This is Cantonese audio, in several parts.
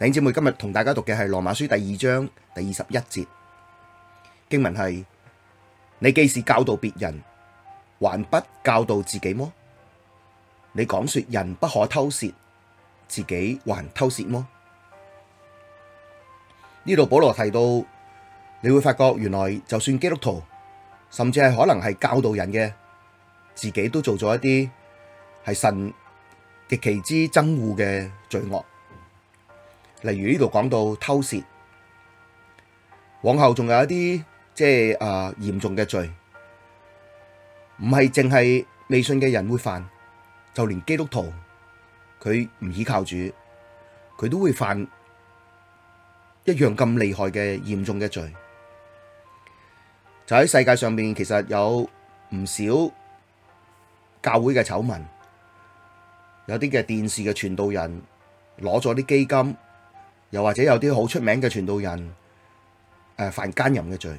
兩姐妹今日同大家讀嘅係《羅馬書》第二章第二十一節經文係：你既是教導別人，還不教導自己麼？你講說，說人不可偷竊，自己還偷竊麼？呢度保羅提到，你會發覺原來就算基督徒，甚至係可能係教導人嘅，自己都做咗一啲係神極其之憎惡嘅罪惡。例如呢度講到偷竊，往後仲有一啲即係啊嚴重嘅罪，唔係淨係未信嘅人會犯，就連基督徒佢唔依靠主，佢都會犯一樣咁厲害嘅嚴重嘅罪。就喺世界上面，其實有唔少教會嘅醜聞，有啲嘅電視嘅傳道人攞咗啲基金。又或者有啲好出名嘅傳道人，誒犯奸淫嘅罪，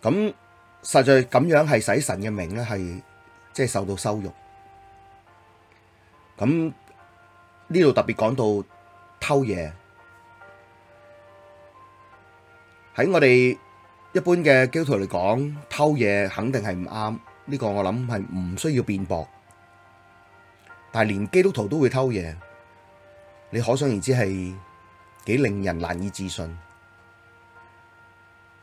咁實在咁樣係使神嘅名咧，係即係受到羞辱。咁呢度特別講到偷嘢，喺我哋一般嘅基督徒嚟講，偷嘢肯定係唔啱，呢個我諗係唔需要辯駁。但係連基督徒都會偷嘢。你可想而知係幾令人難以置信。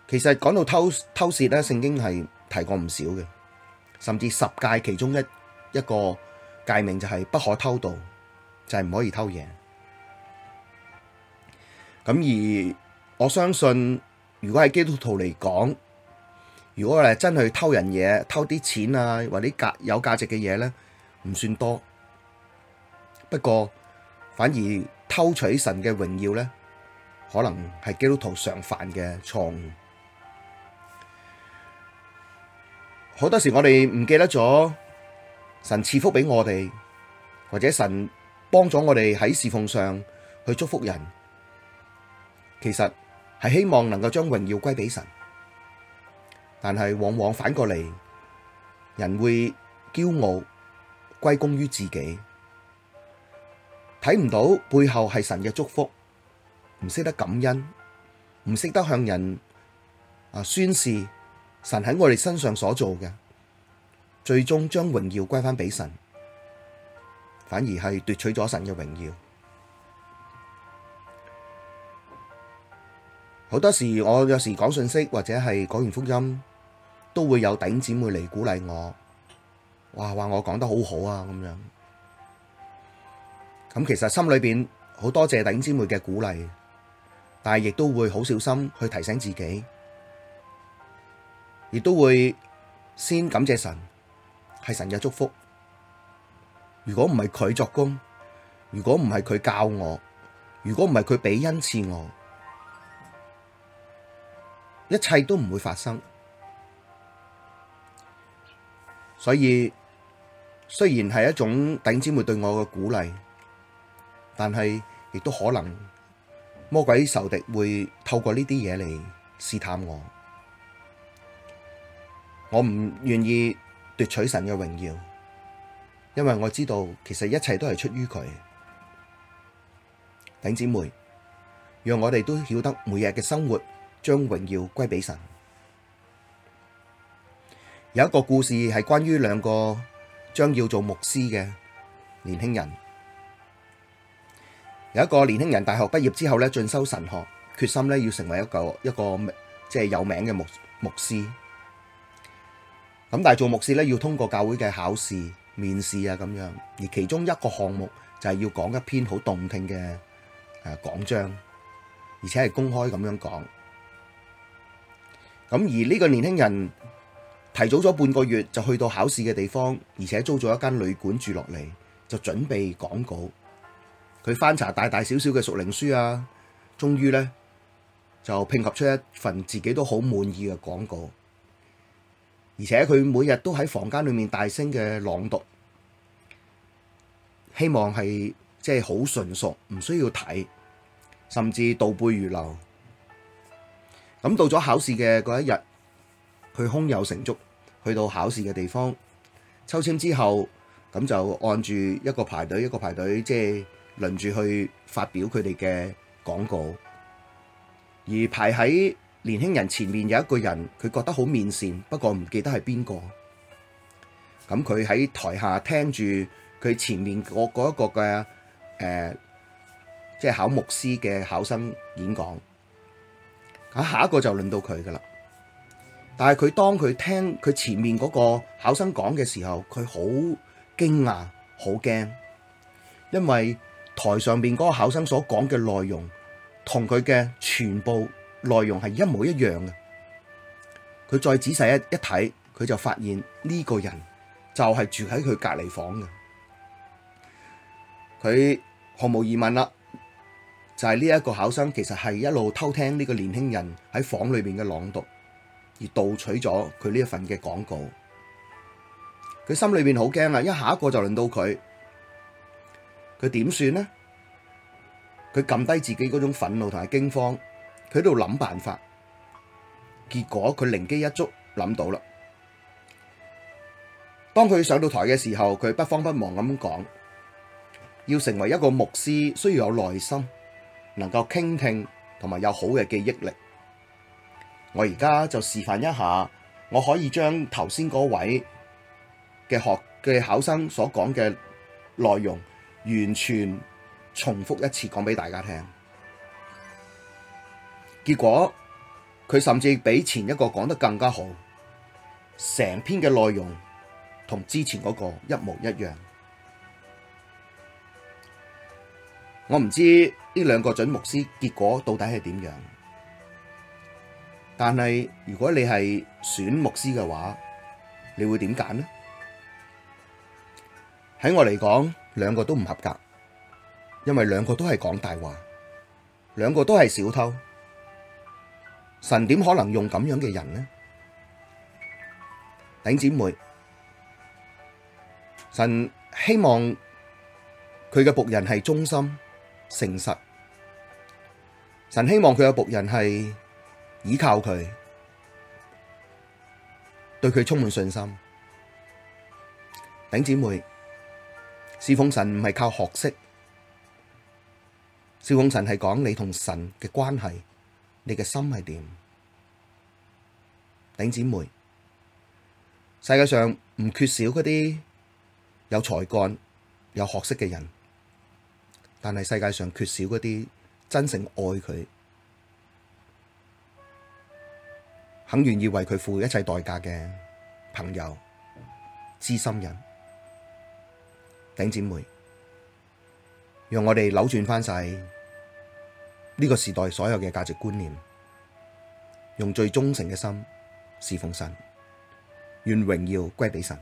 其實講到偷偷竊咧，聖經係提過唔少嘅，甚至十誡其中一一個誡命就係不可偷盜，就係、是、唔可以偷嘢。咁而我相信，如果係基督徒嚟講，如果誒真係去偷人嘢，偷啲錢啊或者價有價值嘅嘢咧，唔算多。不過，反而偷取神嘅榮耀呢，可能係基督徒常犯嘅錯誤。好多時我哋唔記得咗神賜福俾我哋，或者神幫咗我哋喺事奉上去祝福人，其實係希望能夠將榮耀歸俾神，但係往往反過嚟，人會驕傲歸功於自己。睇唔到背後係神嘅祝福，唔識得感恩，唔識得向人啊宣示神喺我哋身上所做嘅，最終將榮耀歸返俾神，反而係奪取咗神嘅榮耀。好多時我有時講信息或者係講完福音，都會有頂姊妹嚟鼓勵我，哇話我講得好好啊咁樣。咁其實心裏邊好多謝弟兄姊妹嘅鼓勵，但係亦都會好小心去提醒自己，亦都會先感謝神，係神嘅祝福。如果唔係佢作工，如果唔係佢教我，如果唔係佢俾恩賜我，一切都唔會發生。所以雖然係一種弟兄姊妹對我嘅鼓勵。但係，亦都可能魔鬼仇敵會透過呢啲嘢嚟試探我。我唔願意奪取神嘅榮耀，因為我知道其實一切都係出於佢。頂姊妹，讓我哋都曉得每日嘅生活將榮耀歸畀神。有一個故事係關於兩個將要做牧師嘅年輕人。有一個年輕人大學畢業之後咧，進修神學，決心咧要成為一個一個即係有名嘅牧牧師。咁但係做牧師咧要通過教會嘅考試、面試啊咁樣，而其中一個項目就係要講一篇好動聽嘅誒、呃、講章，而且係公開咁樣講。咁而呢個年輕人提早咗半個月就去到考試嘅地方，而且租咗一間旅館住落嚟，就準備講稿。佢翻查大大小小嘅熟齡書啊，終於呢就拼合出一份自己都好滿意嘅廣告，而且佢每日都喺房間裏面大聲嘅朗讀，希望係即係好純熟，唔需要睇，甚至倒背如流。咁、嗯、到咗考試嘅嗰一日，佢胸有成竹，去到考試嘅地方抽籤之後，咁就按住一個排隊一個排隊即係，就是輪住去發表佢哋嘅廣告，而排喺年輕人前面有一個人，佢覺得好面善，不過唔記得係邊個。咁佢喺台下聽住佢前面嗰嗰一個嘅、呃、即係考牧師嘅考生演講。啊，下一個就輪到佢噶啦，但係佢當佢聽佢前面嗰個考生講嘅時候，佢好驚訝、好驚，因為。台上面嗰個考生所講嘅內容，同佢嘅全部內容係一模一樣嘅。佢再仔細一一睇，佢就發現呢個人就係住喺佢隔籬房嘅。佢毫無疑問啦，就係呢一個考生其實係一路偷聽呢個年輕人喺房裏面嘅朗讀，而盜取咗佢呢一份嘅廣告。佢心裏邊好驚啊！一下一個就輪到佢。佢點算呢？佢撳低自己嗰種憤怒同埋驚慌，佢喺度諗辦法。結果佢靈機一觸，諗到啦。當佢上到台嘅時候，佢不慌不忙咁講：要成為一個牧師，需要有耐心，能夠傾聽同埋有好嘅記憶力。我而家就示範一下，我可以將頭先嗰位嘅學嘅考生所講嘅內容。完全重複一次講俾大家聽，結果佢甚至比前一個講得更加好，成篇嘅內容同之前嗰個一模一樣。我唔知呢兩個準牧師結果到底係點樣，但係如果你係選牧師嘅話，你會點揀呢？喺我嚟講。兩個都唔合格，因為兩個都係講大話，兩個都係小偷，神點可能用咁樣嘅人呢？頂姊妹，神希望佢嘅僕人係忠心、誠實，神希望佢嘅僕人係倚靠佢，對佢充滿信心。頂姊妹。侍奉神唔係靠學識，侍奉神係講你同神嘅關係，你嘅心係點？頂姊妹，世界上唔缺少嗰啲有才幹、有學識嘅人，但係世界上缺少嗰啲真誠愛佢、肯願意為佢付一切代價嘅朋友、知心人。頂姐妹，讓我哋扭轉返晒呢個時代所有嘅價值觀念，用最忠誠嘅心侍奉神，願榮耀歸畀神。